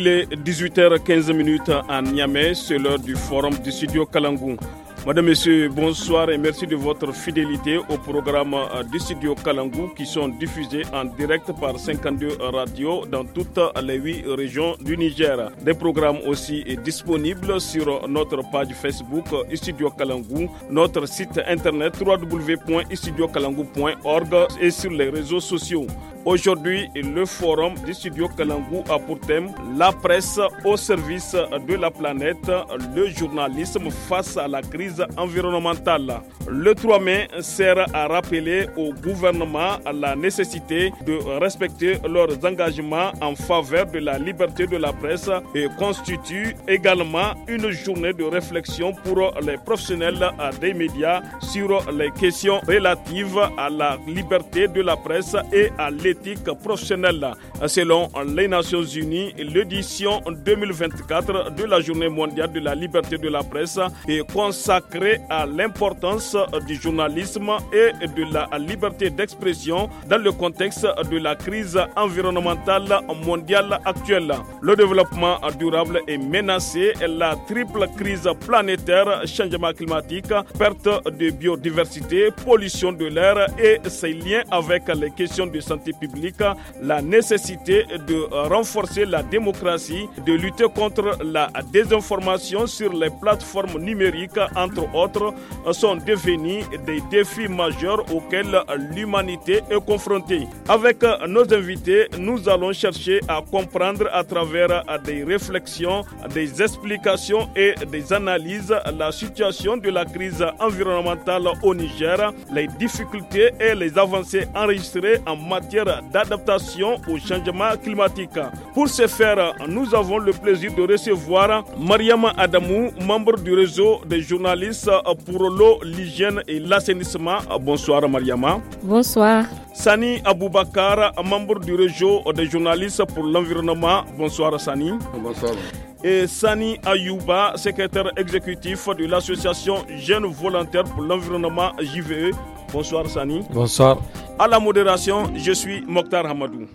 Il est 18h15 à Niamey, c'est l'heure du forum du studio Kalangou. Madame, Messieurs, bonsoir et merci de votre fidélité au programme euh, du studio Kalangou qui sont diffusés en direct par 52 radios dans toutes les 8 régions du Niger. Des programmes aussi disponibles sur notre page Facebook euh, Studio Kalangou, notre site internet www.studiokalangou.org et sur les réseaux sociaux. Aujourd'hui, le forum du studio Kalangou a pour thème La presse au service de la planète, le journalisme face à la crise environnementale. Le 3 mai sert à rappeler au gouvernement la nécessité de respecter leurs engagements en faveur de la liberté de la presse et constitue également une journée de réflexion pour les professionnels des médias sur les questions relatives à la liberté de la presse et à l'état professionnelle. Selon les Nations Unies, l'édition 2024 de la Journée mondiale de la liberté de la presse est consacrée à l'importance du journalisme et de la liberté d'expression dans le contexte de la crise environnementale mondiale actuelle. Le développement durable est menacé. La triple crise planétaire, changement climatique, perte de biodiversité, pollution de l'air et ses liens avec les questions de santé la nécessité de renforcer la démocratie, de lutter contre la désinformation sur les plateformes numériques, entre autres, sont devenus des défis majeurs auxquels l'humanité est confrontée. Avec nos invités, nous allons chercher à comprendre à travers des réflexions, des explications et des analyses la situation de la crise environnementale au Niger, les difficultés et les avancées enregistrées en matière d'adaptation au changement climatique. Pour ce faire, nous avons le plaisir de recevoir Mariama Adamou, membre du réseau des journalistes pour l'eau, l'hygiène et l'assainissement. Bonsoir Mariama. Bonsoir. Sani Aboubakar, membre du réseau des journalistes pour l'environnement. Bonsoir Sani. Bonsoir et Sani Ayouba, secrétaire exécutif de l'association Jeunes Volontaires pour l'Environnement JVE. Bonsoir Sani. Bonsoir. À la modération, je suis Mokhtar Hamadou.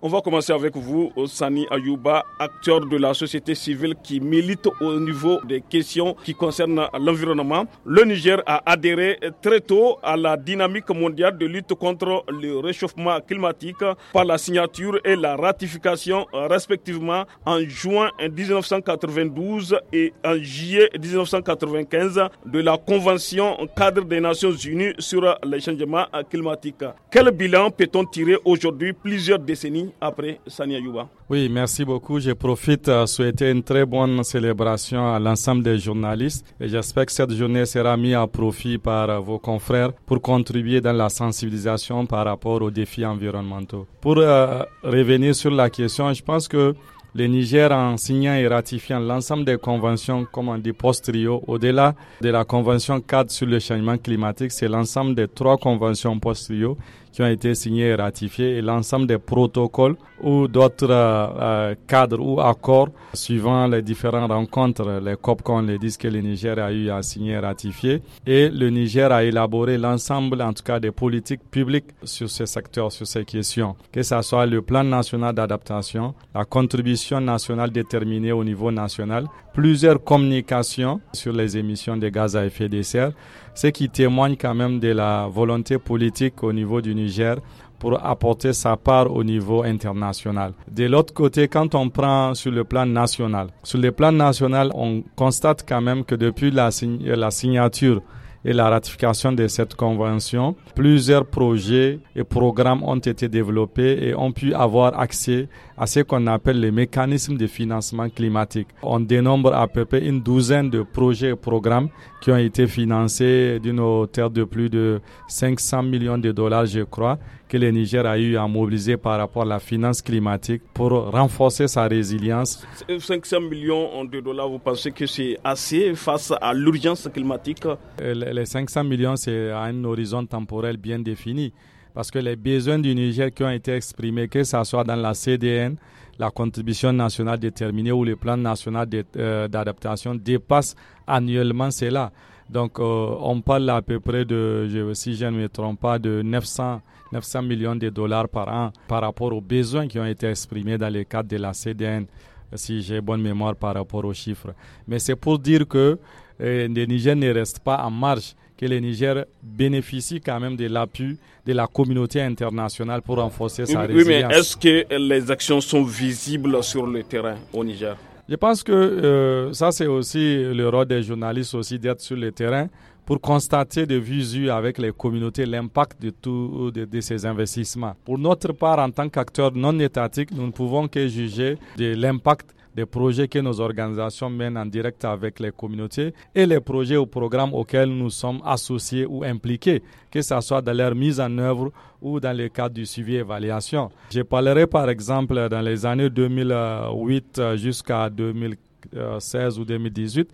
On va commencer avec vous, Sani Ayouba, acteur de la société civile qui milite au niveau des questions qui concernent l'environnement. Le Niger a adhéré très tôt à la dynamique mondiale de lutte contre le réchauffement climatique par la signature et la ratification respectivement en juin 1992 et en juillet 1995 de la Convention cadre des Nations Unies sur le changement climatique. Quel bilan peut-on tirer aujourd'hui plusieurs décennies après Sania Yuba. Oui, merci beaucoup. Je profite à souhaiter une très bonne célébration à l'ensemble des journalistes et j'espère que cette journée sera mise à profit par vos confrères pour contribuer dans la sensibilisation par rapport aux défis environnementaux. Pour euh, revenir sur la question, je pense que le Niger, en signant et ratifiant l'ensemble des conventions, comme on dit, post trio au-delà de la convention cadre sur le changement climatique, c'est l'ensemble des trois conventions post trio qui ont été signés et ratifiés et l'ensemble des protocoles ou d'autres euh, euh, cadres ou accords suivant les différentes rencontres, les COP qu'on les dit que le Niger a eu à signer et ratifier. Et le Niger a élaboré l'ensemble, en tout cas, des politiques publiques sur ces secteurs, sur ces questions, que ce soit le plan national d'adaptation, la contribution nationale déterminée au niveau national, plusieurs communications sur les émissions de gaz à effet de serre ce qui témoigne quand même de la volonté politique au niveau du Niger pour apporter sa part au niveau international. De l'autre côté, quand on prend sur le plan national, sur le plan national, on constate quand même que depuis la, la signature et la ratification de cette convention, plusieurs projets et programmes ont été développés et ont pu avoir accès à ce qu'on appelle les mécanismes de financement climatique. On dénombre à peu près une douzaine de projets et programmes qui ont été financés d'une hauteur de plus de 500 millions de dollars, je crois, que le Niger a eu à mobiliser par rapport à la finance climatique pour renforcer sa résilience. 500 millions de dollars, vous pensez que c'est assez face à l'urgence climatique euh, Les 500 millions, c'est à un horizon temporel bien défini. Parce que les besoins du Niger qui ont été exprimés, que ce soit dans la CDN, la contribution nationale déterminée ou le plan national euh, d'adaptation, dépassent annuellement cela. Donc, euh, on parle à peu près de, si je ne me trompe pas, de 900 900 millions de dollars par an par rapport aux besoins qui ont été exprimés dans le cadre de la CDN, si j'ai bonne mémoire par rapport aux chiffres. Mais c'est pour dire que euh, le Niger ne reste pas en marge, que le Niger bénéficie quand même de l'appui de la communauté internationale pour renforcer sa résilience. Oui, mais est-ce que les actions sont visibles sur le terrain au Niger je pense que euh, ça, c'est aussi le rôle des journalistes aussi d'être sur le terrain pour constater de visu avec les communautés l'impact de tous de, ces investissements. Pour notre part, en tant qu'acteurs non étatiques, nous ne pouvons que juger de l'impact des projets que nos organisations mènent en direct avec les communautés et les projets ou programmes auxquels nous sommes associés ou impliqués, que ce soit dans leur mise en œuvre ou dans le cadre du suivi évaluation. Je parlerai par exemple dans les années 2008 jusqu'à 2016 ou 2018,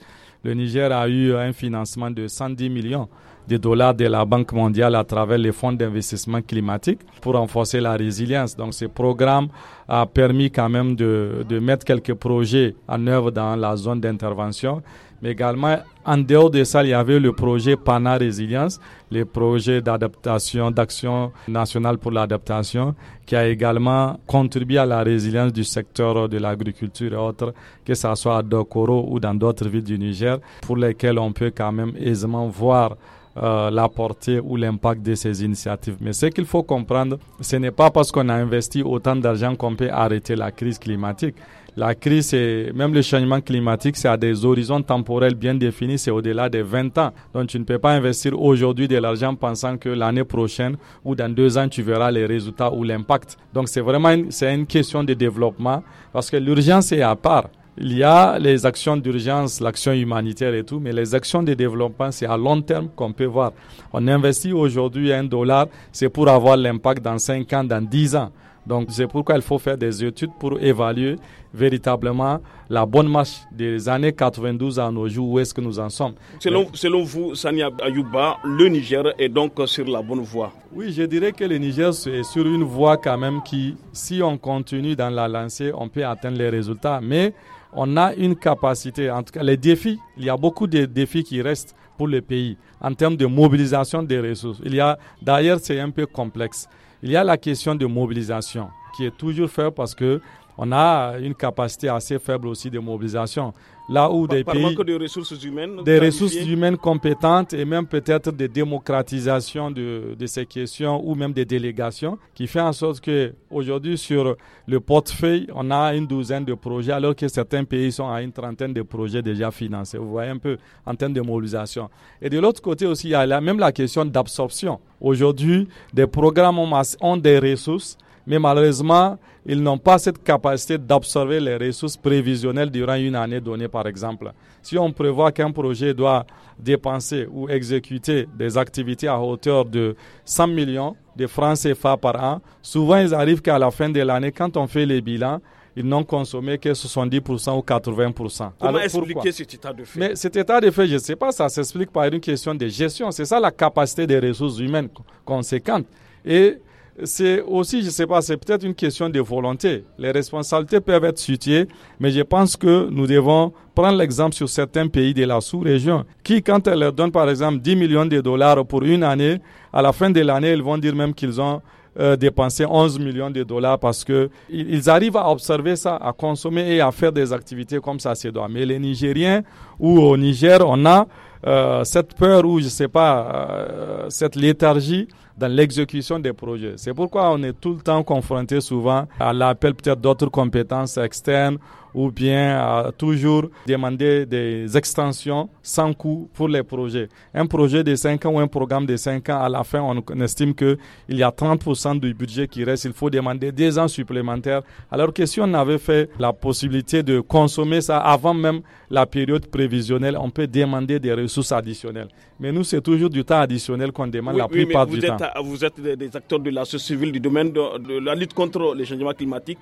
le Niger a eu un financement de 110 millions des dollars de la Banque mondiale à travers les fonds d'investissement climatique pour renforcer la résilience. Donc ce programme a permis quand même de, de mettre quelques projets en œuvre dans la zone d'intervention. Mais également, en dehors de ça, il y avait le projet PANA Résilience, les projets d'adaptation, d'action nationale pour l'adaptation, qui a également contribué à la résilience du secteur de l'agriculture et autres, que ce soit à Dokoro ou dans d'autres villes du Niger, pour lesquelles on peut quand même aisément voir euh, la portée ou l'impact de ces initiatives. Mais ce qu'il faut comprendre, ce n'est pas parce qu'on a investi autant d'argent qu'on peut arrêter la crise climatique. La crise, et même le changement climatique, c'est à des horizons temporels bien définis, c'est au-delà des 20 ans. Donc tu ne peux pas investir aujourd'hui de l'argent pensant que l'année prochaine ou dans deux ans, tu verras les résultats ou l'impact. Donc c'est vraiment une, une question de développement parce que l'urgence est à part il y a les actions d'urgence, l'action humanitaire et tout, mais les actions de développement, c'est à long terme qu'on peut voir. On investit aujourd'hui un dollar, c'est pour avoir l'impact dans cinq ans, dans 10 ans. Donc c'est pourquoi il faut faire des études pour évaluer véritablement la bonne marche des années 92 à nos jours, où est-ce que nous en sommes. Selon, selon vous, Sania Ayouba, le Niger est donc sur la bonne voie Oui, je dirais que le Niger est sur une voie quand même qui, si on continue dans la lancée, on peut atteindre les résultats. Mais on a une capacité, en tout cas les défis, il y a beaucoup de défis qui restent pour le pays en termes de mobilisation des ressources. Il y a, d'ailleurs, c'est un peu complexe. Il y a la question de mobilisation qui est toujours faible parce que on a une capacité assez faible aussi de mobilisation là où des pays, de ressources humaines, des ressources humaines compétentes et même peut-être des démocratisations de, de, ces questions ou même des délégations, qui fait en sorte que aujourd'hui sur le portefeuille, on a une douzaine de projets, alors que certains pays sont à une trentaine de projets déjà financés. Vous voyez un peu en termes de mobilisation. Et de l'autre côté aussi, il y a même la question d'absorption. Aujourd'hui, des programmes ont, ont des ressources, mais malheureusement, ils n'ont pas cette capacité d'absorber les ressources prévisionnelles durant une année donnée, par exemple. Si on prévoit qu'un projet doit dépenser ou exécuter des activités à hauteur de 100 millions de francs CFA par an, souvent ils arrivent qu'à la fin de l'année, quand on fait les bilans, ils n'ont consommé que 70% ou 80%. Comment Alors, expliquer cet état de fait Mais cet état de fait, je ne sais pas, ça s'explique par une question de gestion. C'est ça la capacité des ressources humaines conséquentes. Et c'est aussi, je ne sais pas, c'est peut-être une question de volonté. Les responsabilités peuvent être situées, mais je pense que nous devons prendre l'exemple sur certains pays de la sous-région qui, quand elles leur donnent par exemple 10 millions de dollars pour une année, à la fin de l'année, ils vont dire même qu'ils ont euh, dépensé 11 millions de dollars parce que ils arrivent à observer ça, à consommer et à faire des activités comme ça c'est doit. Mais les Nigériens ou au Niger, on a euh, cette peur ou je sais pas euh, cette léthargie dans l'exécution des projets. C'est pourquoi on est tout le temps confronté souvent à l'appel peut-être d'autres compétences externes ou bien toujours demander des extensions sans coût pour les projets. Un projet de 5 ans ou un programme de 5 ans, à la fin, on estime qu'il y a 30% du budget qui reste. Il faut demander des ans supplémentaires. Alors que si on avait fait la possibilité de consommer ça avant même la période prévisionnelle, on peut demander des ressources additionnelles. Mais nous, c'est toujours du temps additionnel qu'on demande la plupart vous du êtes, temps. Vous êtes des acteurs de la société civile, du domaine de, la lutte contre les changements climatiques.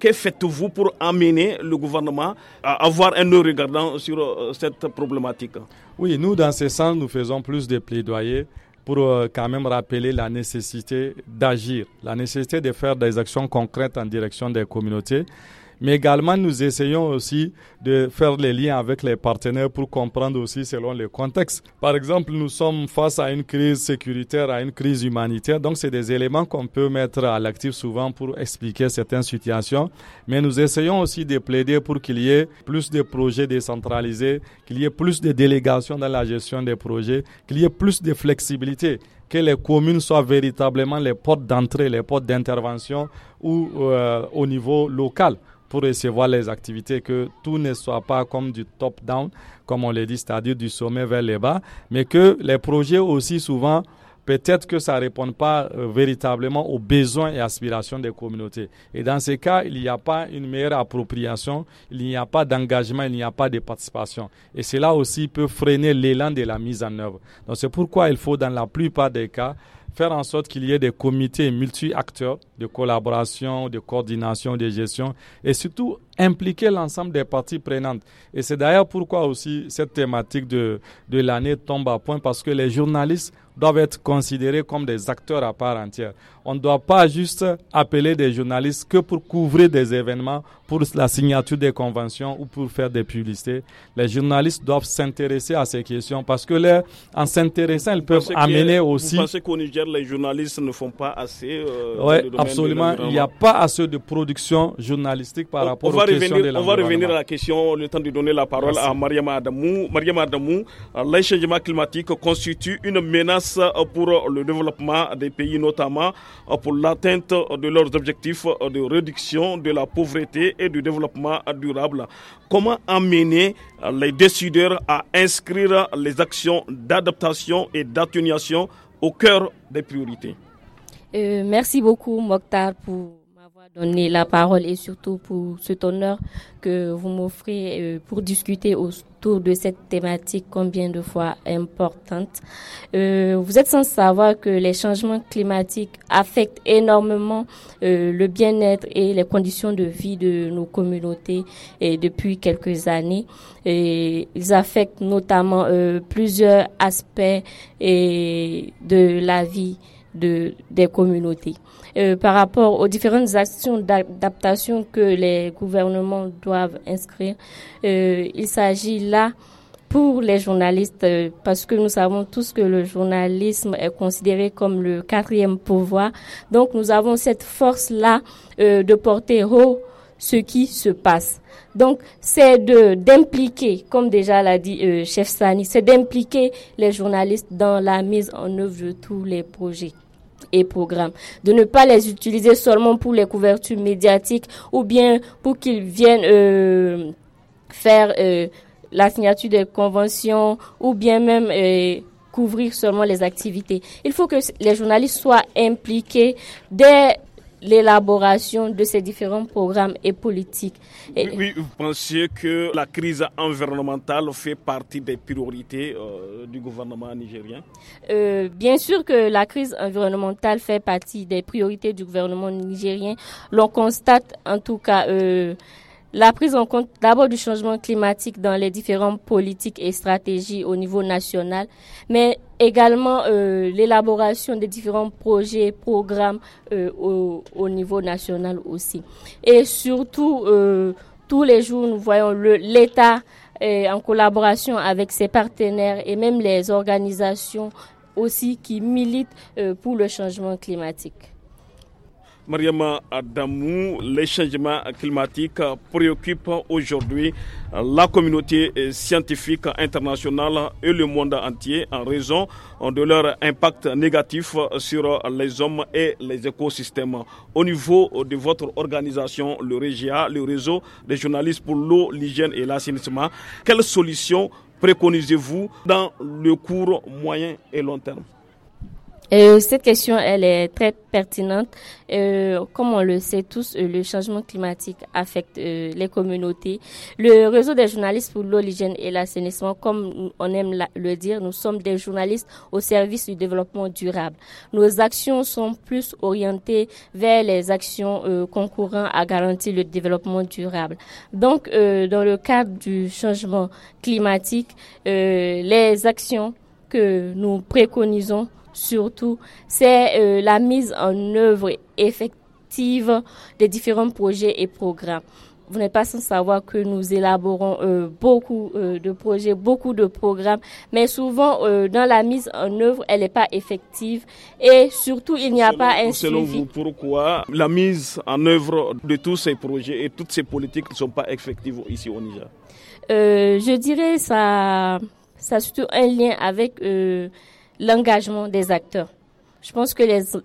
Que faites-vous pour amener le gouvernement à avoir un œil regardant sur euh, cette problématique. Oui, nous, dans ce sens, nous faisons plus de plaidoyers pour euh, quand même rappeler la nécessité d'agir, la nécessité de faire des actions concrètes en direction des communautés. Mais également, nous essayons aussi de faire les liens avec les partenaires pour comprendre aussi selon le contexte. Par exemple, nous sommes face à une crise sécuritaire, à une crise humanitaire. Donc, c'est des éléments qu'on peut mettre à l'actif souvent pour expliquer certaines situations. Mais nous essayons aussi de plaider pour qu'il y ait plus de projets décentralisés, qu'il y ait plus de délégations dans la gestion des projets, qu'il y ait plus de flexibilité que les communes soient véritablement les portes d'entrée, les portes d'intervention ou euh, au niveau local pour recevoir les activités, que tout ne soit pas comme du top-down, comme on le dit, c'est-à-dire du sommet vers les bas, mais que les projets aussi souvent, peut-être que ça ne répond pas euh, véritablement aux besoins et aspirations des communautés. Et dans ces cas, il n'y a pas une meilleure appropriation, il n'y a pas d'engagement, il n'y a pas de participation. Et cela aussi peut freiner l'élan de la mise en œuvre. Donc c'est pourquoi il faut, dans la plupart des cas, faire en sorte qu'il y ait des comités multi-acteurs de collaboration, de coordination, de gestion et surtout impliquer l'ensemble des parties prenantes. Et c'est d'ailleurs pourquoi aussi cette thématique de, de l'année tombe à point, parce que les journalistes doivent être considérés comme des acteurs à part entière. On ne doit pas juste appeler des journalistes que pour couvrir des événements, pour la signature des conventions ou pour faire des publicités. Les journalistes doivent s'intéresser à ces questions parce que en s'intéressant, ils peuvent amener aussi. Vous pensez qu'au Niger, les journalistes ne font pas assez euh, Oui, absolument. Il n'y a pas assez de production journalistique par rapport on on va revenir à la question, le temps de donner la parole à Mariam Adamou. Mariam Adamou, euh, changement climatique constitue une menace euh, pour euh, le développement des pays, notamment pour l'atteinte de leurs objectifs de réduction de la pauvreté et du développement durable. Comment amener les décideurs à inscrire les actions d'adaptation et d'atténuation au cœur des priorités Merci beaucoup, Mokhtar, pour donner la parole et surtout pour cet honneur que vous m'offrez euh, pour discuter autour de cette thématique combien de fois importante. Euh, vous êtes sans savoir que les changements climatiques affectent énormément euh, le bien-être et les conditions de vie de nos communautés et depuis quelques années. ils affectent notamment plusieurs aspects de la vie des communautés. Euh, par rapport aux différentes actions d'adaptation que les gouvernements doivent inscrire. Euh, il s'agit là pour les journalistes, euh, parce que nous savons tous que le journalisme est considéré comme le quatrième pouvoir. Donc nous avons cette force-là de porter haut ce qui se passe. Donc, c'est de d'impliquer, comme déjà l'a dit Chef Sani, c'est d'impliquer les journalistes dans la mise en œuvre de tous les projets programmes, de ne pas les utiliser seulement pour les couvertures médiatiques ou bien pour qu'ils viennent euh, faire euh, la signature des conventions ou bien même euh, couvrir seulement les activités. Il faut que les journalistes soient impliqués dès l'élaboration de ces différents programmes et politiques. Et oui, vous pensez que la crise environnementale fait partie des priorités euh, du gouvernement nigérien euh, Bien sûr que la crise environnementale fait partie des priorités du gouvernement nigérien. L'on constate en tout cas... Euh, la prise en compte d'abord du changement climatique dans les différentes politiques et stratégies au niveau national, mais également euh, l'élaboration des différents projets, programmes euh, au, niveau national aussi. Et surtout, euh, tous les jours, nous voyons l'État en collaboration avec ses partenaires et même les organisations aussi qui militent pour le changement climatique. Mariama Adamou, les changements climatiques préoccupent aujourd'hui la communauté scientifique internationale et le monde entier en raison de leur impact négatif sur les hommes et les écosystèmes. Au niveau de votre organisation, le REGIA, le réseau des journalistes pour l'eau, l'hygiène et l'assainissement, quelles solutions préconisez-vous dans le court, moyen et long terme euh, cette question, elle est très pertinente. Euh, comme on le sait tous, euh, le changement climatique affecte euh, les communautés. Le réseau des journalistes pour l'eau, l'hygiène et l'assainissement, comme on aime le dire, nous sommes des journalistes au service du développement durable. Nos actions sont plus orientées vers les actions concourant à garantir le développement durable. Donc, dans le cadre du changement climatique, les actions que nous préconisons surtout, c'est euh, la mise en œuvre effective des différents projets et programmes. Vous n'êtes pas sans savoir que nous élaborons euh, beaucoup euh, de projets, beaucoup de programmes, mais souvent dans la mise en œuvre, elle n'est pas effective et surtout il n'y a pas un selon suivi. Selon vous, pourquoi la mise en œuvre de tous ces projets et toutes ces politiques ne sont pas effectives ici au Niger Je dirais ça, ça a surtout un lien avec l'engagement des acteurs. Je pense que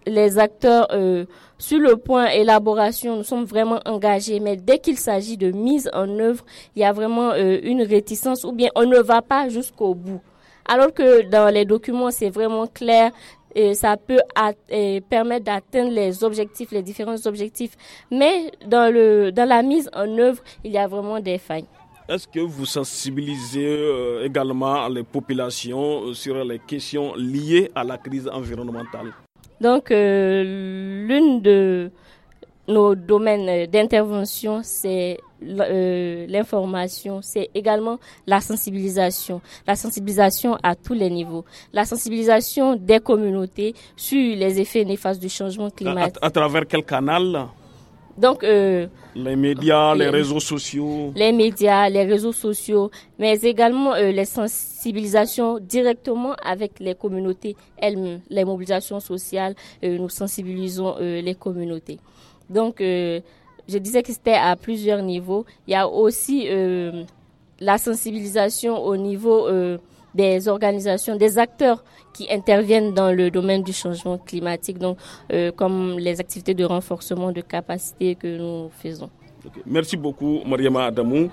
les, acteurs, euh, sur le point élaboration, nous sommes vraiment engagés, mais dès qu'il s'agit de mise en œuvre, il y a vraiment euh, une réticence ou bien on ne va pas jusqu'au bout. Alors que dans les documents, c'est vraiment clair, et ça peut permettre d'atteindre les objectifs, les différents objectifs. Mais dans, le, dans la mise en œuvre, il y a vraiment des failles. Est-ce que vous sensibilisez euh, également les populations euh, sur les questions liées à la crise environnementale Donc, euh, l'une de nos domaines d'intervention, c'est l'information, c'est également la sensibilisation. La sensibilisation à tous les niveaux. La sensibilisation des communautés sur les effets néfastes du changement climatique. à travers quel canal donc, euh, les médias, euh, les, réseaux sociaux. Les médias, les réseaux sociaux, mais également euh, les sensibilisations directement avec les communautés elles-mêmes, les mobilisations sociales, nous sensibilisons les communautés. Donc, je disais que c'était à plusieurs niveaux. Il y a aussi la sensibilisation au niveau des organisations, des acteurs qui interviennent dans le domaine du changement climatique, donc euh, comme les activités de renforcement de capacités que nous faisons. Merci beaucoup, Mariama Adamou.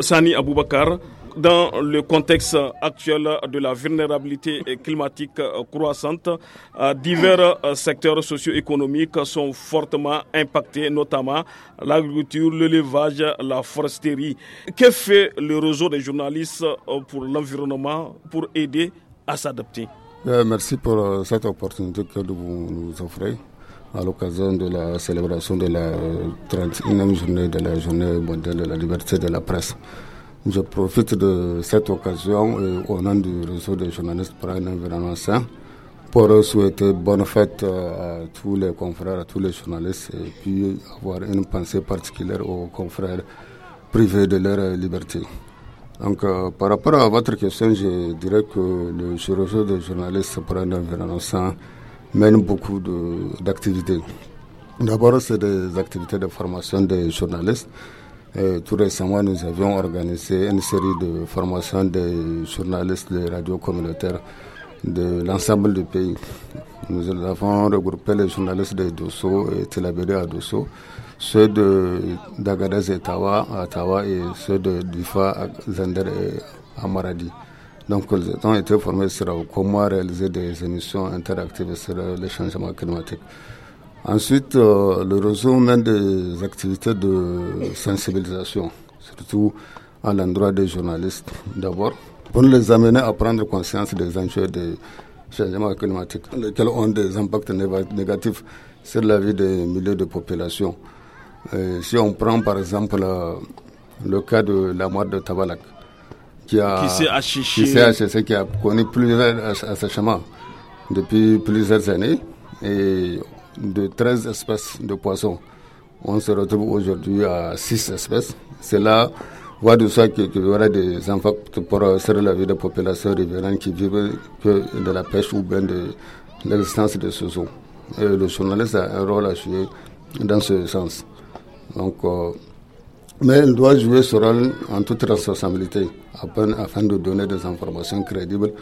Sani Aboubakar dans le contexte actuel de la vulnérabilité climatique croissante, euh, divers euh, secteurs socio-économiques sont fortement impactés, notamment l'agriculture, l'élevage, la foresterie. Que fait le réseau des journalistes euh, pour l'environnement pour aider à s'adapter Merci pour cette opportunité que vous nous offrez à l'occasion de la célébration de la 31e journée de la journée mondiale de la liberté de la presse. Je profite de cette occasion au nom du réseau des journalistes pour un environnement sain pour souhaiter bonne fête euh, à tous les confrères, à tous les journalistes et puis avoir une pensée particulière aux confrères privés de leur liberté. Donc, euh, par rapport à votre question, je dirais que le réseau des journalistes pour un environnement sain mène beaucoup d'activités. D'abord, c'est des activités de formation des journalistes euh, tout récemment, nous avions organisé une série de formations des journalistes de radio communautaire de l'ensemble du pays. Nous avons regroupé les journalistes de Dosso et Tilabéré à Dosso, ceux de d'Agadez et Tawa à Tawa et ceux de Difa, Zander et Amaradi. Donc, ils ont été formés sur comment réaliser des émissions interactives sur le changement climatique. Ensuite, euh, le réseau mène des activités de sensibilisation, surtout à l'endroit des journalistes d'abord, pour les amener à prendre conscience des enjeux des changements climatiques, lesquels ont des impacts négatifs sur la vie des milieux de population. si on prend par exemple euh, le, cas de la mort de Tabalak, qui, a, qui s'est qui a connu plusieurs assèchements depuis plusieurs années, et de 13 espèces de poissons. On se retrouve aujourd'hui à 6 espèces. C'est là, voire de ça qu'il y aura des impacts pour euh, servir la vie des populations riveraines qui vivent que de la pêche ou bien de l'existence de ce zoo. Et le journaliste a un rôle à jouer dans ce sens. Donc, euh, mais il doit jouer ce rôle en toute responsabilité afin de donner des informations crédibles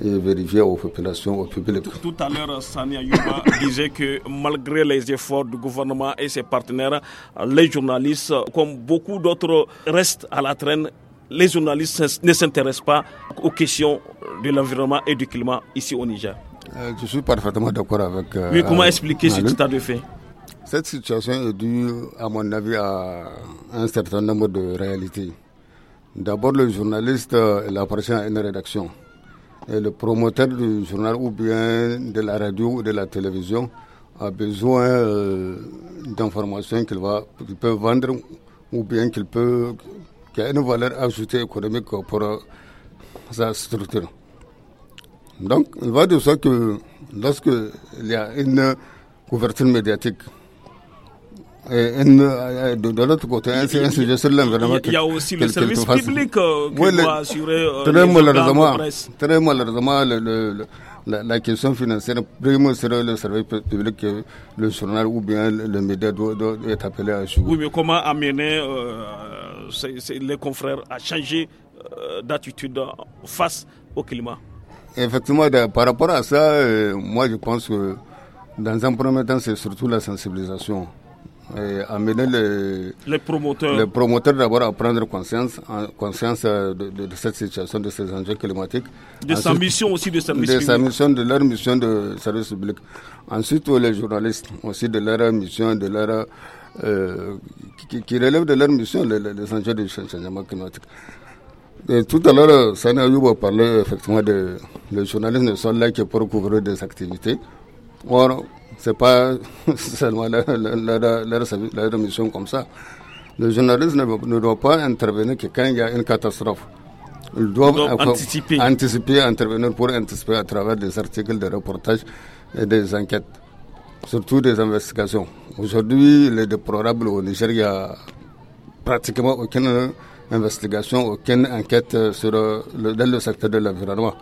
et vérifier aux populations, au public. Tout, à l'heure, Sania Yuba disait que malgré les efforts du gouvernement et ses partenaires, les journalistes, comme beaucoup d'autres, restent à la traîne. Les journalistes ne s'intéressent pas aux questions de l'environnement et du climat ici au Niger. Euh, je suis parfaitement d'accord avec. Euh, Mais comment expliquer ce état de fait Cette situation est due, à mon avis, à un certain nombre de réalités. D'abord, le journaliste, euh, il appartient à une rédaction le promoteur du journal ou bien de la radio ou de la télévision a besoin euh, d'informations qu'il peut vendre ou bien qu'il peut a une valeur ajoutée économique pour euh, sa structure. Donc, il va de ça que lorsqu'il y a une couverture médiatique de l'autre côté, hein, c'est un sujet Il y a aussi le service public euh, qui doit assurer euh, très malheureusement, Très malheureusement, la, question financière, primo serait le service public le journal ou bien le média doit, être appelé à assurer Oui, mais comment amener euh, les confrères à changer d'attitude face au climat Effectivement, par rapport à ça, moi je pense que dans un premier temps, c'est surtout la sensibilisation et amener les, promoteurs, d'abord à prendre conscience, conscience euh, de, cette situation, de ces enjeux climatiques. De sa mission aussi, de sa mission. De sa mission, de leur mission de service public. Ensuite, euh, les journalistes aussi de leur mission, de leur, euh, qui, qui, relèvent de leur mission, les, enjeux du changement climatique. Et tout à l'heure, Sana Yubo parlé, effectivement de les journalistes ne sont là que pour couvrir des activités. Or, c'est pas seulement leur, mission comme ça. Le journaliste ne, doit pas intervenir quand il y a une catastrophe. Ils doivent anticiper. intervenir pour anticiper à travers des articles, des reportages et des enquêtes, surtout des investigations. Aujourd'hui, il est déplorable au Niger, il n'y a pratiquement aucune investigation, aucune enquête sur euh, dans le secteur de l'environnement.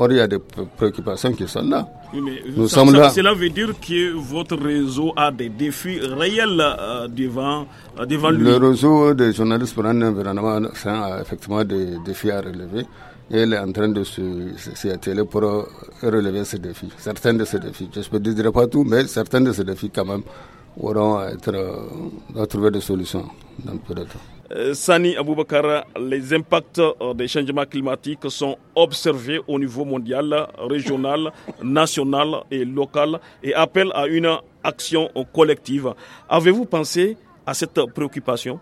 Or, il y a des préoccupations qui sont là. Nous sommes là. Cela veut dire que votre réseau a des défis réels euh, euh, devant, lui. Le réseau des journalistes pour un environnement a effectivement des défis à relever. Et elle est en train de se atteler pour euh, relever ces défis. Certains de ces défis. Je ne dire pas tout, mais certains de ces défis quand même auront trouver des solutions euh, Sani Aboubakar, les impacts euh, des changements climatiques sont observés au niveau mondial, régional, national et local et appellent à une action collective. Avez-vous pensé à cette préoccupation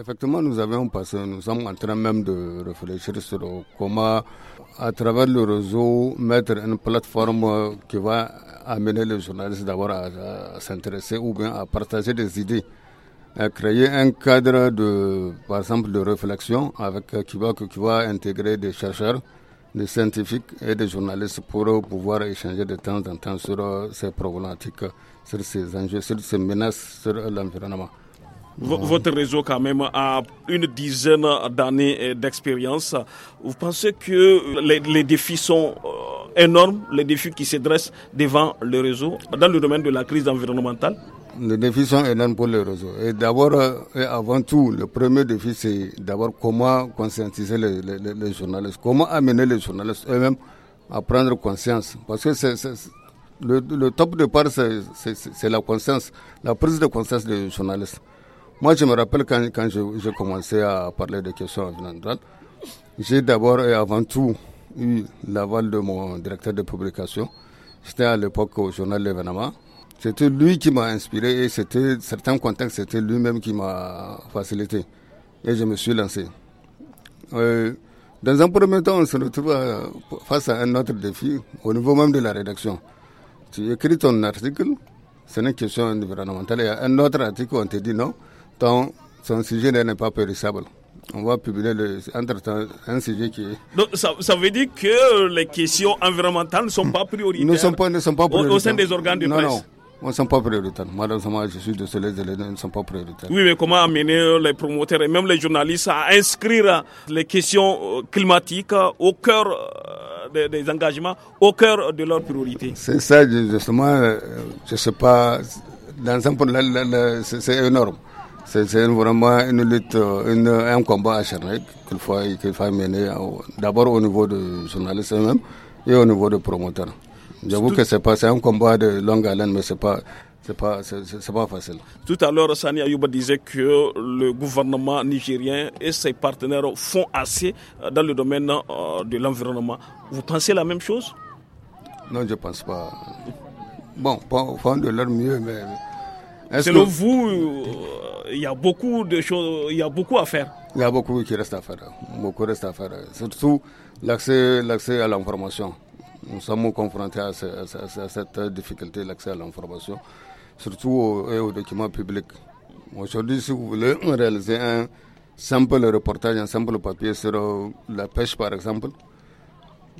Effectivement, nous avons passé, nous sommes en train même de réfléchir sur comment à travers le réseau, mettre une plateforme qui va amener les journalistes d'abord à, s'intéresser ou bien à partager des idées. À créer un cadre de, par exemple, de réflexion avec qui va, qui va intégrer des chercheurs, des scientifiques et des journalistes pour pouvoir échanger de temps en temps sur euh, ces problématiques, sur ces enjeux, sur ces menaces sur l'environnement votre réseau quand même a une dizaine d'années euh, d'expérience. Vous pensez que les, défis sont euh, énormes, les défis qui se dressent devant le réseau dans le domaine de la crise environnementale Les défis sont énormes pour le réseau. Et d'abord, euh, avant tout, le premier défi, c'est d'abord comment conscientiser les, journalistes, comment amener les journalistes eux-mêmes à prendre conscience. Parce que le, le, top de part, c'est la conscience, la prise de conscience des journalistes. Moi, je me rappelle quand, j'ai commencé à parler de questions environnementales, j'ai d'abord et avant tout eu l'aval de mon directeur de publication. C'était à l'époque au journal L'événement. C'était lui qui m'a inspiré et c'était certains contextes, c'était lui-même qui m'a facilité. Et je me suis lancé. Euh, dans un premier temps, on se retrouve face à un autre défi au niveau même de la rédaction. Tu écris ton article, c'est une question environnementale. Et un autre article, on te dit non, donc, son sujet n'est pas périssable. On va publier entre-temps un sujet qui est... Donc, ça, veut dire que les questions environnementales ne sont pas prioritaires ne sont pas, ne sont pas prioritaires. Au, sein des organes de presse. Non, non, ne sont pas prioritaires. Malheureusement, je suis de désolé de les ne sont pas prioritaires. Oui, mais comment amener euh, les promoteurs et même les journalistes à inscrire euh, les questions euh, climatiques au cœur des, engagements, au cœur de leurs priorités C'est ça, justement, je ne sais pas... Dans un c'est énorme. C'est vraiment une lutte, euh, un combat acharné qu'il faut, mener d'abord au niveau du journaliste même et au niveau de promoteurs. J'avoue que c'est un combat de longue haleine, mais c'est pas, c'est pas, c'est, pas facile. Tout à l'heure, Sani Ayouba disait que le gouvernement nigérien et ses partenaires font assez euh, dans le domaine euh, de l'environnement. Vous pensez la même chose Non, je pense pas. Bon, font de leur mieux, mais Selon vous, euh, il y a beaucoup de choses, il y a beaucoup à faire. Il y a beaucoup qui reste à faire, à faire. Surtout l'accès, l'accès à l'information. Nous sommes confrontés à, cette difficulté, l'accès à l'information, surtout aux, aux, documents publics. Aujourd'hui, si vous voulez réaliser un simple reportage, un simple papier sur euh, la pêche, par exemple,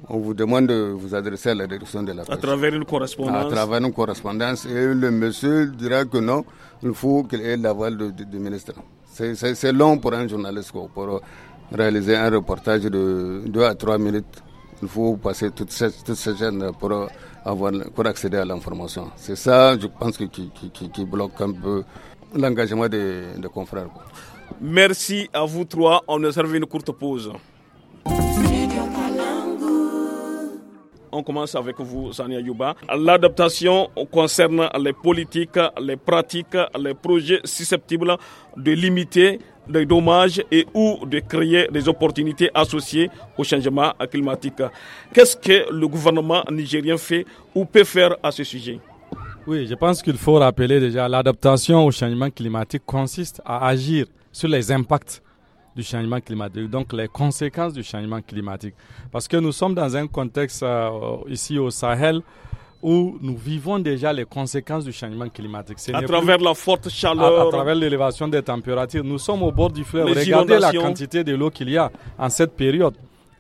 on vous demande de vous adresser à la direction de la presse. À travers une correspondance À travers une correspondance. Et le monsieur dira que non, il faut qu'il ait l'aval du ministre. C'est long pour un journaliste, pour réaliser un reportage de 2 à 3 minutes. Il faut passer toutes ces, chaîne pour, avoir, pour accéder à l'information. C'est ça, je pense, que, qui, bloque un peu l'engagement des, confrères. Merci à vous trois. On a servi une courte pause. On commence avec vous, Sania Yuba. L'adaptation concerne les politiques, les pratiques, les projets susceptibles de limiter les dommages et ou de créer des opportunités associées au changement climatique. Qu'est-ce que le gouvernement nigérien fait ou peut faire à ce sujet Oui, je pense qu'il faut rappeler déjà l'adaptation au changement climatique consiste à agir sur les impacts du changement climatique, donc les conséquences du changement climatique. Parce que nous sommes dans un contexte euh, ici au Sahel où nous vivons déjà les conséquences du changement climatique. à travers la forte chaleur. À, à travers l'élévation des températures. Nous sommes au bord du fleuve. Regardez la quantité de l'eau qu'il y a en cette période.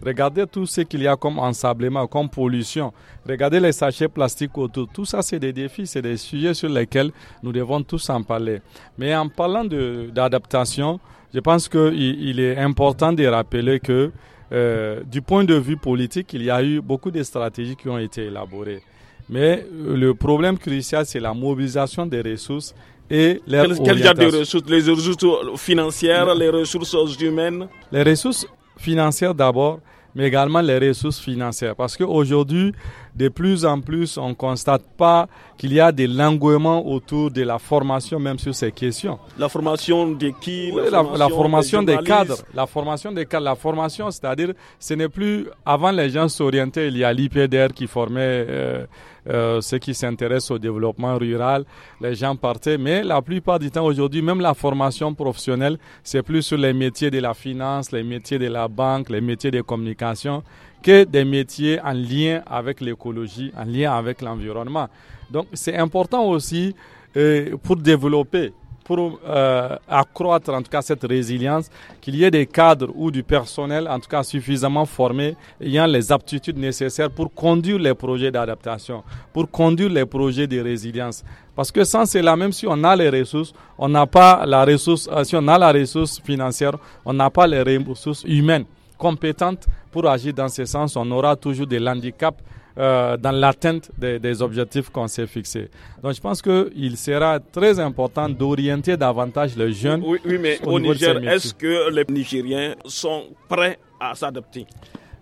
Regardez tout ce qu'il y a comme ensablement, comme pollution. Regardez les sachets plastiques autour. Tout ça, c'est des défis, c'est des sujets sur lesquels nous devons tous en parler. Mais en parlant d'adaptation, je pense qu'il est important de rappeler que euh, du point de vue politique, il y a eu beaucoup de stratégies qui ont été élaborées. Mais euh, le problème crucial, c'est la mobilisation des ressources et leur quel, quel genre de ressources Les ressources financières, les ressources humaines Les ressources financières d'abord, mais également les ressources financières. Parce qu'aujourd'hui, de plus en plus, on ne constate pas qu'il y a des languements autour de la formation, même sur ces questions. La formation de qui la, formation des, cadres. La formation des cadres. La formation, c'est-à-dire, ce n'est plus. Avant, les gens s'orientaient. Il y a l'IPDR qui formait. Euh, euh, ceux qui s'intéressent au développement rural, les gens partaient. Mais la plupart du temps aujourd'hui, même la formation professionnelle, c'est plus sur les métiers de la finance, les métiers de la banque, les métiers de communication que des métiers en lien avec l'écologie, en lien avec l'environnement. Donc c'est important aussi euh, pour développer, pour euh, accroître en tout cas cette résilience, qu'il y ait des cadres ou du personnel en tout cas suffisamment formé, ayant les aptitudes nécessaires pour conduire les projets d'adaptation, pour conduire les projets de résilience. Parce que sans cela, même si on a les ressources, on n'a pas la ressource, euh, si on a la ressource financière, on n'a pas les ressources humaines compétentes pour agir dans ce sens, on aura toujours des handicaps euh, dans l'atteinte des, objectifs qu'on s'est fixés. Donc je pense qu'il sera très important d'orienter davantage les jeunes. Oui, mais au, Niger, est-ce que les Nigériens sont prêts à s'adapter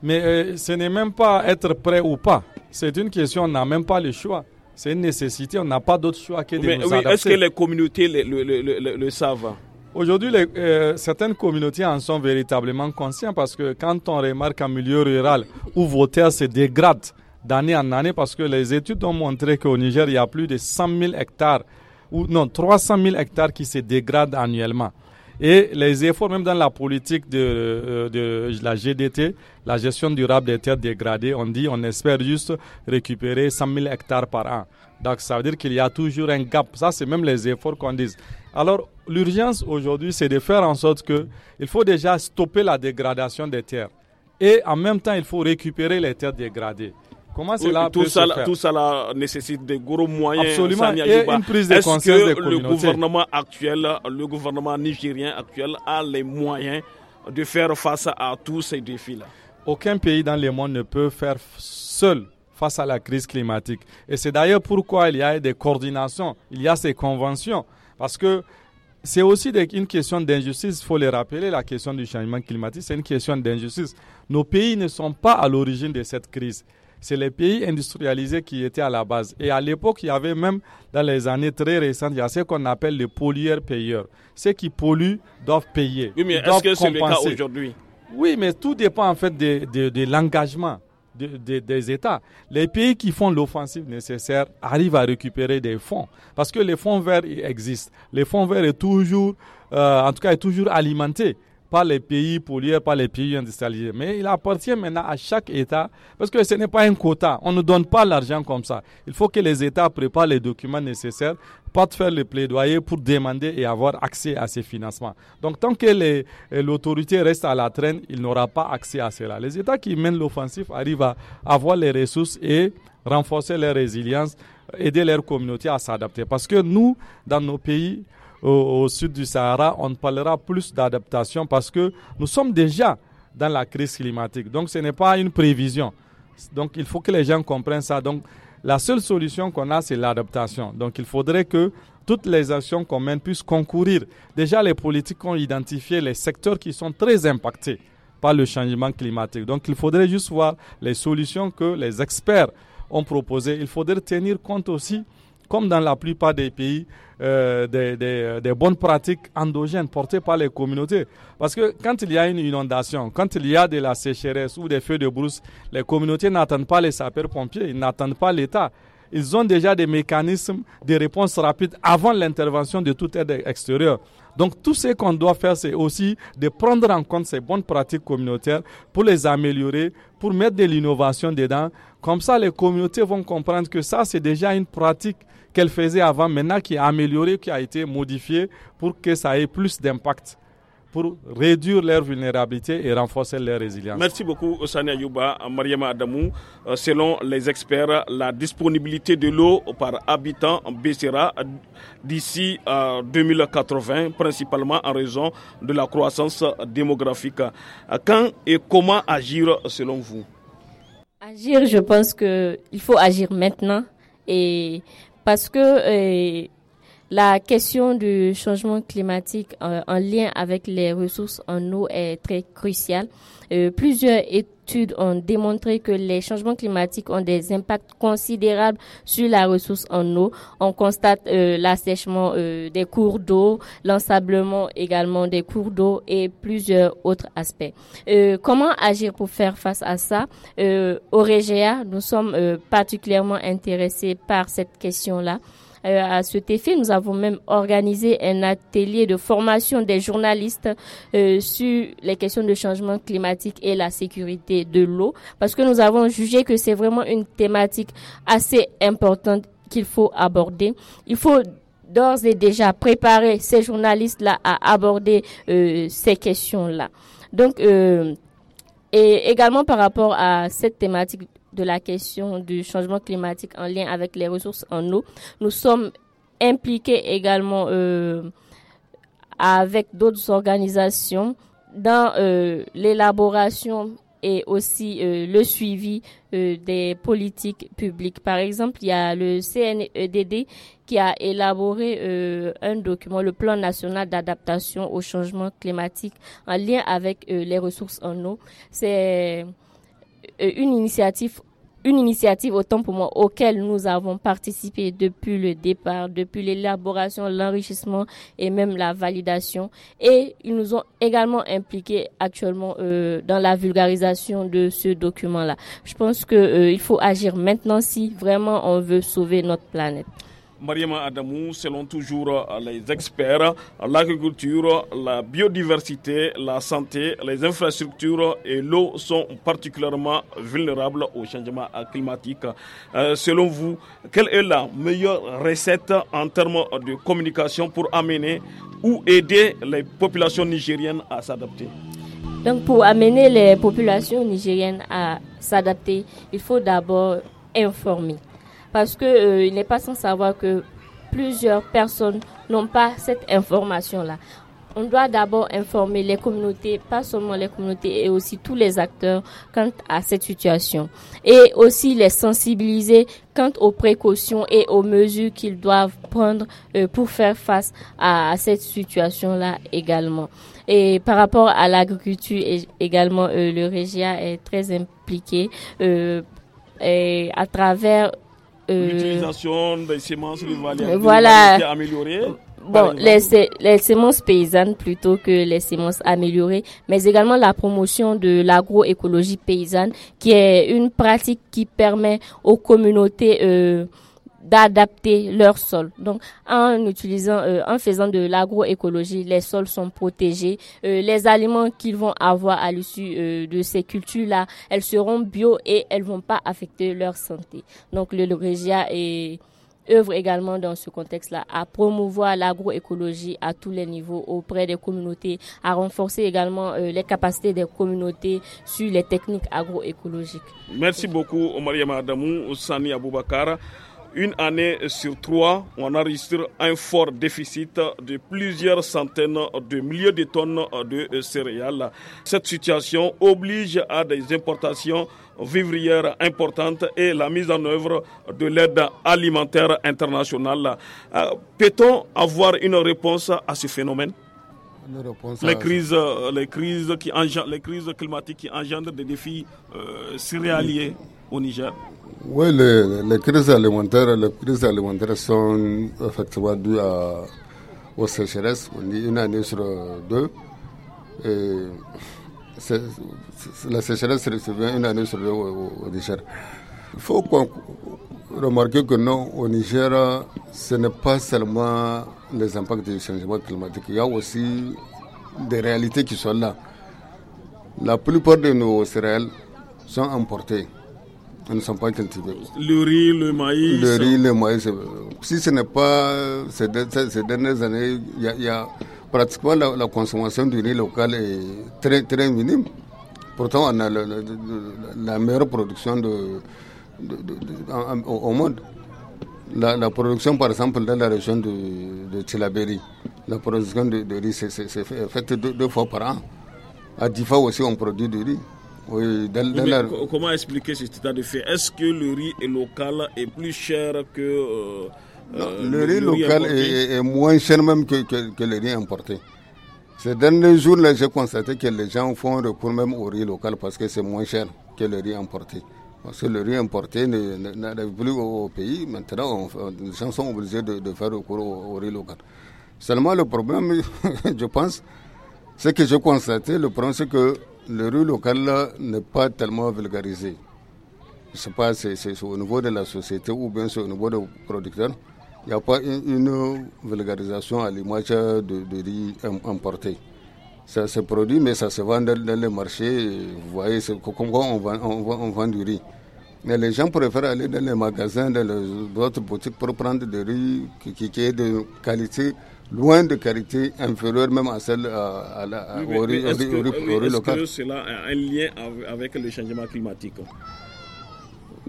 Mais euh, ce n'est même pas être prêt ou pas. C'est une question, on n'a même pas le choix. C'est une nécessité, on n'a pas d'autre choix que de s'adapter. nous Est-ce que les communautés le savent Aujourd'hui, euh, certaines communautés en sont véritablement conscientes parce que quand on remarque un milieu rural où vos terres se dégradent d'année en année, parce que les études ont montré qu'au Niger, il y a plus de 100 000 hectares, ou non, 300 000 hectares qui se dégradent annuellement. Et les efforts, même dans la politique de, euh, la GDT, la gestion durable des terres dégradées, on dit on espère juste récupérer 100 000 hectares par an. Donc ça veut dire qu'il y a toujours un gap. Ça, c'est même les efforts qu'on dit. Alors, l'urgence aujourd'hui, c'est de faire en sorte qu'il faut déjà stopper la dégradation des terres. Et en même temps, il faut récupérer les terres dégradées. Comment cela tout peut se faire Tout cela nécessite de gros moyens. Absolument, et une prise de conscience que le gouvernement actuel, le gouvernement nigérien actuel a les moyens de faire face à tous ces défis-là Aucun pays dans le monde ne peut faire seul face à la crise climatique. Et c'est d'ailleurs pourquoi il y a des coordinations, il y a ces conventions. Parce que c'est aussi une question d'injustice, il faut le rappeler, la question du changement climatique, c'est une question d'injustice. Nos pays ne sont pas à l'origine de cette crise. C'est les pays industrialisés qui étaient à la base. Et à l'époque, il y avait même, dans les années très récentes, il y a ce qu'on appelle les pollueurs-payeurs. Ceux qui polluent doivent payer. Oui, mais est-ce que c'est le aujourd'hui Oui, mais tout dépend en fait de l'engagement des États. Les pays qui font l'offensive nécessaire arrivent à récupérer des fonds parce que les fonds verts existent. Les fonds verts est toujours, alimentés euh, en tout cas, est toujours alimenté pas les pays pollués, pas les pays industrialisés. Mais il appartient maintenant à chaque État, parce que ce n'est pas un quota. On ne donne pas l'argent comme ça. Il faut que les États préparent les documents nécessaires pas de faire le plaidoyer pour demander et avoir accès à ces financements. Donc, tant que euh, l'autorité reste à la traîne, il n'aura pas accès à cela. Les États qui mènent l'offensive arrivent à avoir les ressources et renforcer leur résilience, aider leur communauté à s'adapter. Parce que nous, dans nos pays, au, sud du Sahara, on ne parlera plus d'adaptation parce que nous sommes déjà dans la crise climatique. Donc ce n'est pas une prévision. Donc il faut que les gens comprennent ça. Donc la seule solution qu'on a, c'est l'adaptation. Donc il faudrait que toutes les actions qu'on mène puissent concourir. Déjà, les politiques ont identifié les secteurs qui sont très impactés par le changement climatique. Donc il faudrait juste voir les solutions que les experts ont proposées. Il faudrait tenir compte aussi comme dans la plupart des pays, euh, des, euh, des, bonnes pratiques endogènes portées par les communautés. Parce que quand il y a une inondation, quand il y a de la sécheresse ou des feux de brousse, les communautés n'attendent pas les sapeurs-pompiers, ils n'attendent pas l'État. Ils ont déjà des mécanismes de réponse rapide avant l'intervention de toute aide extérieure. Donc tout ce qu'on doit faire, c'est aussi de prendre en compte ces bonnes pratiques communautaires pour les améliorer, pour mettre de l'innovation dedans. Comme ça, les communautés vont comprendre que ça, c'est déjà une pratique qu'elle faisait avant maintenant qui est améliorée, qui a été modifiée pour que ça ait plus d'impact pour réduire leur vulnérabilité et renforcer leur résilience. Merci beaucoup, Osania Yuba, Mariama Adamou. Euh, selon les experts, la disponibilité de l'eau par habitant baissera d'ici 2080, euh, principalement en raison de la croissance démographique. Euh, quand et comment agir selon vous Agir, je pense qu'il faut agir maintenant et parce que euh, la question du changement climatique euh, en lien avec les ressources en eau est très cruciale. Euh, plusieurs ont démontré que les changements climatiques ont des impacts considérables sur la ressource en eau. On constate euh, l'assèchement euh, des cours d'eau, l'ensablement également des cours d'eau et plusieurs autres aspects. Euh, comment agir pour faire face à ça Au REGEA, nous sommes particulièrement intéressés par cette question-là. Euh, à cet effet, nous avons même organisé un atelier de formation des journalistes euh, sur les questions de changement climatique et la sécurité de l'eau, parce que nous avons jugé que c'est vraiment une thématique assez importante qu'il faut aborder. Il faut d'ores et déjà préparer ces journalistes-là à aborder euh, ces questions-là. Donc, et également par rapport à cette thématique de la question du changement climatique en lien avec les ressources en eau. Nous sommes impliqués également euh, avec d'autres organisations dans euh, l'élaboration et aussi euh, le suivi des politiques publiques. Par exemple, il y a le CNEDD qui a élaboré un document, le plan national d'adaptation au changement climatique en lien avec les ressources en eau. C'est euh, une initiative une initiative autant pour moi auquel nous avons participé depuis le départ, depuis l'élaboration, l'enrichissement et même la validation. Et ils nous ont également impliqués actuellement euh, dans la vulgarisation de ce document-là. Je pense que euh, il faut agir maintenant si vraiment on veut sauver notre planète. Mariama Adamou, selon toujours euh, les experts, l'agriculture, la biodiversité, la santé, les infrastructures et l'eau sont particulièrement vulnérables au changement climatique. Euh, selon vous, quelle est la meilleure recette en termes de communication pour amener ou aider les populations nigériennes à s'adapter Donc pour amener les populations nigériennes à s'adapter, il faut d'abord informer parce que euh, il n'est pas sans savoir que plusieurs personnes n'ont pas cette information-là. On doit d'abord informer les communautés, pas seulement les communautés, et aussi tous les acteurs quant à cette situation. Et aussi les sensibiliser quant aux précautions et aux mesures qu'ils doivent prendre euh, pour faire face à, cette situation-là également. Et par rapport à l'agriculture également, euh, le Régia est très impliqué à travers euh, L'utilisation des semences euh, voilà. bon, les, les, semences paysannes plutôt que les semences améliorées, mais également la promotion de l'agroécologie paysanne, qui est une pratique qui permet aux communautés euh, d'adapter leur sol. Donc, en utilisant, euh, en faisant de l'agroécologie, les sols sont protégés. Euh, les aliments qu'ils vont avoir à l'issue euh, de ces cultures-là, elles seront bio et elles vont pas affecter leur santé. Donc, le Régia est œuvre également dans ce contexte-là à promouvoir l'agroécologie à tous les niveaux auprès des communautés, à renforcer également euh, les capacités des communautés sur les techniques agroécologiques. Merci beaucoup, Omar Yamadamou, Sani Aboubakara une année sur trois, on enregistre un fort déficit de plusieurs centaines de milliers de tonnes de céréales. Cette situation oblige à des importations vivrières importantes et la mise en œuvre de l'aide alimentaire internationale. Euh, peut-on avoir une réponse à ce phénomène les crises, les, crises climatiques qui engendrent des défis euh, céréaliers au Niger oui, les, crises alimentaires, les crises alimentaires sont effectivement dues aux sécheresses, on dit une année sur deux. Et la sécheresse reçoit une année sur deux au, Niger. Il faut remarquer que non, au Niger, ce n'est pas seulement les impacts du changement climatique, il y a aussi des réalités qui sont là. La plupart de nos céréales sont emportées, ne pas Le riz, le maïs. Le riz, le maïs. Euh, si ce n'est pas euh, ces, dernières années, il y pratiquement la, consommation du riz local est très très minime. Pourtant, on a la meilleure production au, monde. La, production, par exemple, dans la région de, de la production de, riz, c'est faite deux, deux, fois par an. À fois aussi, on produit du riz. Comment expliquer cet état de fait Est-ce que le riz local est plus cher que. Euh, euh le, riz local est, moins cher même que, que, le riz importé. Ces derniers jours-là, j'ai constaté que les gens font recours même au riz local parce que c'est moins cher que le riz importé. Parce que le riz importé n'arrive plus au pays. Maintenant, euh, les gens sont obligés de, faire recours au, au, riz local. Seulement, le problème, je pense, c'est que j'ai constaté, le problème, c'est que le rue local n'est pas tellement vulgarisé. Je sais pas, c'est au niveau de la société ou bien au niveau des producteurs. Il n'y a pas une, vulgarisation à l'image de, de, riz importé. Ça se produit, mais ça se vend dans, les marchés. Vous voyez, c'est comme quoi on vend, du riz. Mais les gens préfèrent aller dans les magasins, dans les autres boutiques pour prendre du riz qui, qui, qui est de qualité loin de qualité inférieure même à celle à, à Est-ce que, cela a un lien avec le changement climatique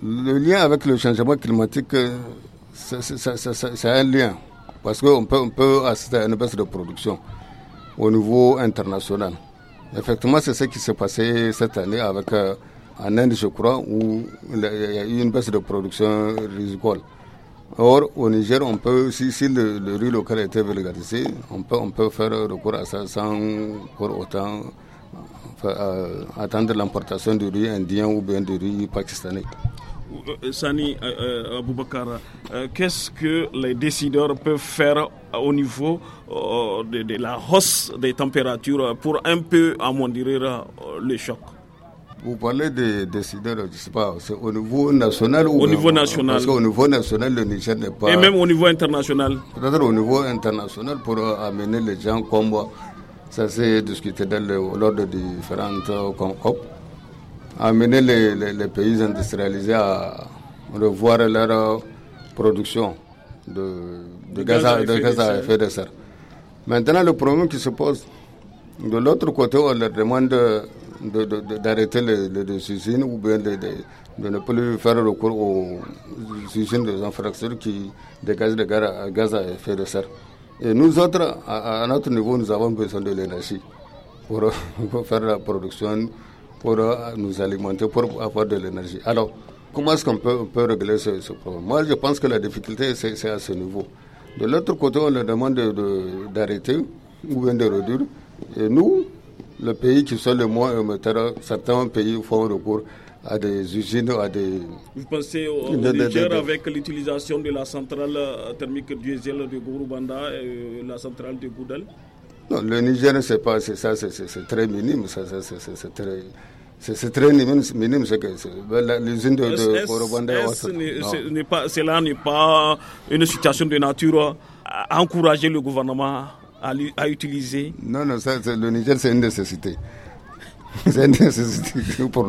Le lien avec le changement climatique, c'est un lien. Parce qu'on peut, on peut assister à une baisse de production au niveau international. Effectivement, c'est ce qui s'est passé cette année avec, euh, en Inde, je crois, où il y a eu une baisse de production risicole. Or, au Niger, on peut, si, si le, riz local était vulgarisé, on peut, on peut faire recours à ça sans pour autant attendre l'importation du riz indien ou bien du riz pakistanais. Euh, Sani euh, euh, qu'est-ce que les décideurs peuvent faire au niveau de, de, la hausse des températures pour un peu amondir le choc vous parlez des décideurs, je ne sais pas, c'est au niveau national ou Au niveau national. Parce qu'au niveau national, le Niger n'est pas. Et même au niveau international. peut au niveau international pour amener les gens comme moi. Ça s'est discuté dans lors de différentes euh, COP. Amener les, pays industrialisés à revoir leur euh, production de, gaz, à, de gaz à effet de serre. Maintenant, le problème qui se pose, de l'autre côté, on leur demande d'arrêter les, usines ou bien de, ne plus faire recours aux usines des infrastructures qui dégagent des gaz à effet de serre. Et nous autres, à, notre niveau, nous avons besoin de l'énergie pour, faire la production, pour euh, nous alimenter, pour avoir de l'énergie. Alors, comment est-ce qu'on peut, régler ce, problème Moi, je pense que la difficulté, c'est à ce niveau. De l'autre côté, on leur demande d'arrêter ou bien de réduire. Et nous, le pays qui soit le moins émetteur, certains pays font recours à des usines, à des... Vous pensez au, Niger avec l'utilisation de la centrale euh, thermique diesel de Gorubanda et euh, la centrale de Boudel. Non, le Niger, c'est pas... ça, c'est très minime, ça, c'est très... C'est très minime, minime c'est que ben, l'usine de, de Cela n'est pas une situation de nature à encourager le gouvernement à, utiliser Non, non, ça, le Niger, c'est une nécessité pour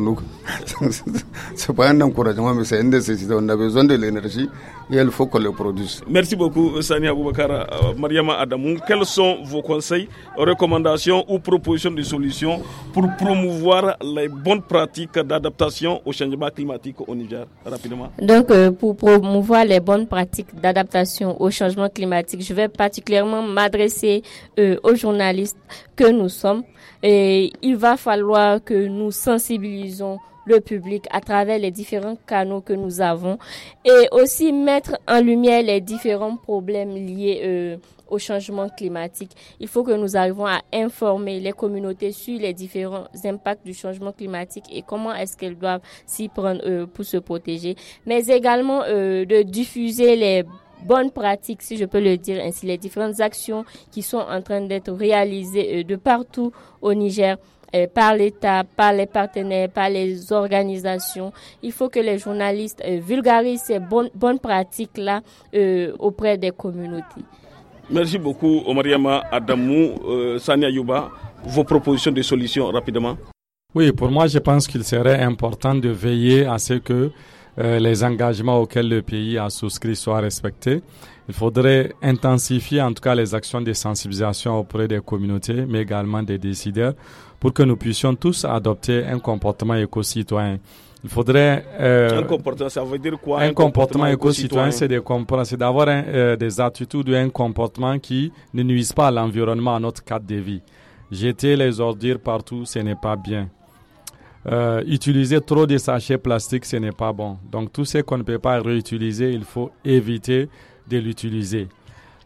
C'est pas un encouragement, mais c'est une On a besoin de l'énergie et il faut qu'on le produise. Merci beaucoup, Sani Abubakar euh, Mariama Adamou. Quels sont vos conseils, recommandations ou propositions de solutions pour promouvoir les bonnes pratiques d'adaptation au changement climatique au Niger Rapidement. Donc, euh, pour promouvoir les bonnes pratiques d'adaptation au changement climatique, je vais particulièrement m'adresser euh, aux journalistes que nous sommes. Et il va falloir que nous sensibilisons le public à travers les différents canaux que nous avons et aussi mettre en lumière les différents problèmes liés euh, au changement climatique. Il faut que nous arrivions à informer les communautés sur les différents impacts du changement climatique et comment est-ce qu'elles doivent s'y prendre euh, pour se protéger, mais également euh, de diffuser les bonnes pratiques, si je peux le dire ainsi, les différentes actions qui sont en train d'être réalisées de partout au Niger par l'État, par les partenaires, par les organisations. Il faut que les journalistes euh, vulgarisent ces bonnes, pratiques-là euh, auprès des communautés. Merci beaucoup, Omariama Adamou, euh, Sania Yuba. Vos propositions de solutions rapidement Oui, pour moi, je pense qu'il serait important de veiller à ce que les engagements auxquels le pays a souscrit soient respectés. Il faudrait intensifier en tout cas les actions de sensibilisation auprès des communautés, mais également des décideurs, pour que nous puissions tous adopter un comportement éco-citoyen. Il faudrait... Euh, un comportement, ça veut dire quoi Un, comportement, éco-citoyen, c'est d'avoir euh, des attitudes ou un comportement qui ne nuisent pas à l'environnement, à notre cadre de vie. Jeter les ordures partout, ce n'est pas bien. Euh, utiliser trop de sachets plastiques, ce n'est pas bon. Donc tout ce qu'on ne peut pas réutiliser, il faut éviter de l'utiliser.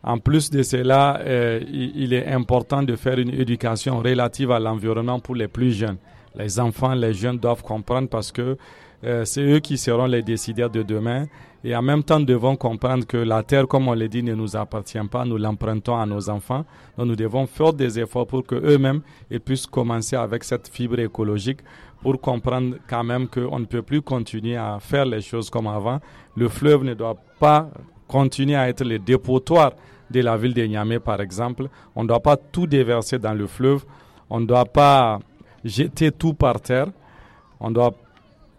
En plus de cela, euh, il, est important de faire une éducation relative à l'environnement pour les plus jeunes. Les enfants, les jeunes doivent comprendre parce que euh, c'est eux qui seront les décideurs de demain. Et en même temps, devons comprendre que la terre, comme on l'a dit, ne nous appartient pas. Nous l'empruntons à nos enfants. Donc, nous devons faire des efforts pour que eux-mêmes ils puissent commencer avec cette fibre écologique pour comprendre quand même qu'on ne peut plus continuer à faire les choses comme avant. Le fleuve ne doit pas continuer à être les dépotoirs de la ville de Niamey, par exemple. On ne doit pas tout déverser dans le fleuve. On ne doit pas jeter tout par terre. On doit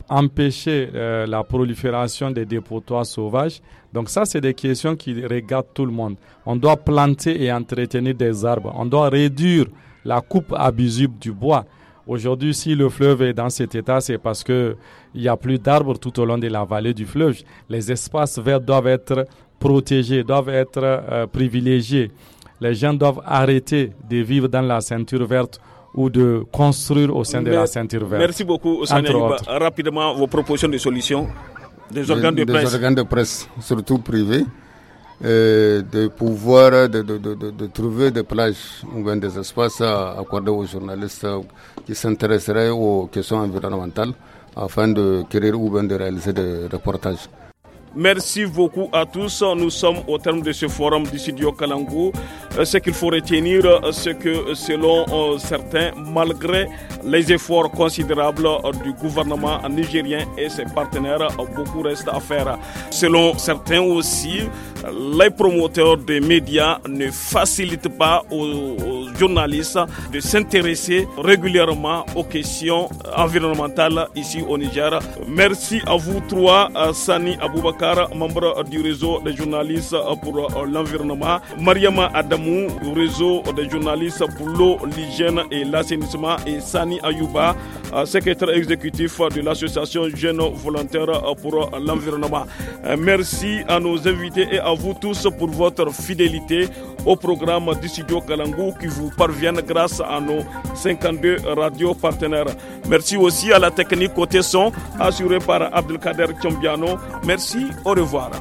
empêcher euh, la prolifération des dépotoirs sauvages. Donc ça, c'est des questions qui regardent tout le monde. On doit planter et entretenir des arbres. On doit réduire la coupe abusive du bois. Aujourd'hui, si le fleuve est dans cet état, c'est parce que il n'y a plus d'arbres tout au long de la vallée du fleuve. Les espaces verts doivent être protégés, doivent être euh, privilégiés. Les gens doivent arrêter de vivre dans la ceinture verte ou de construire au sein de la ceinture verte. Merci beaucoup, Rapidement, vos propositions de solutions des Des organes de presse, surtout privés. Euh, de pouvoir de, de, de, trouver des plages ou bien des espaces à accorder aux journalistes qui s'intéresseraient aux questions environnementales afin de créer ou bien de réaliser des reportages. Merci beaucoup à tous. Nous sommes au terme de ce forum du studio Kalangou. Euh, ce qu'il faut retenir, euh, c'est que euh, selon certains, malgré les efforts considérables du gouvernement nigérien et ses partenaires, beaucoup reste à faire. Selon certains aussi, les promoteurs des médias ne facilitent pas aux, journalistes de s'intéresser régulièrement aux questions environnementales ici au Niger. Merci à vous trois, Sani Aboubakar membre du réseau des journalistes pour euh, l'environnement, Mariama Adamou, réseau des journalistes pour l'eau, l'hygiène et l'assainissement, et Sani Ayouba, euh, secrétaire exécutif de l'association Jeunes Volontaires pour euh, l'environnement. Merci à nos invités et à vous tous pour votre fidélité au programme du studio Kalangou qui vous parvient grâce à nos 52 radios partenaires. Merci aussi à la technique côté son assurée par Abdelkader Tchombiano. Merci au revoir.